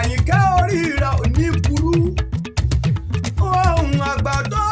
àyìnkẹ́ orí rẹ̀ ò ní burú ohun àgbà tó.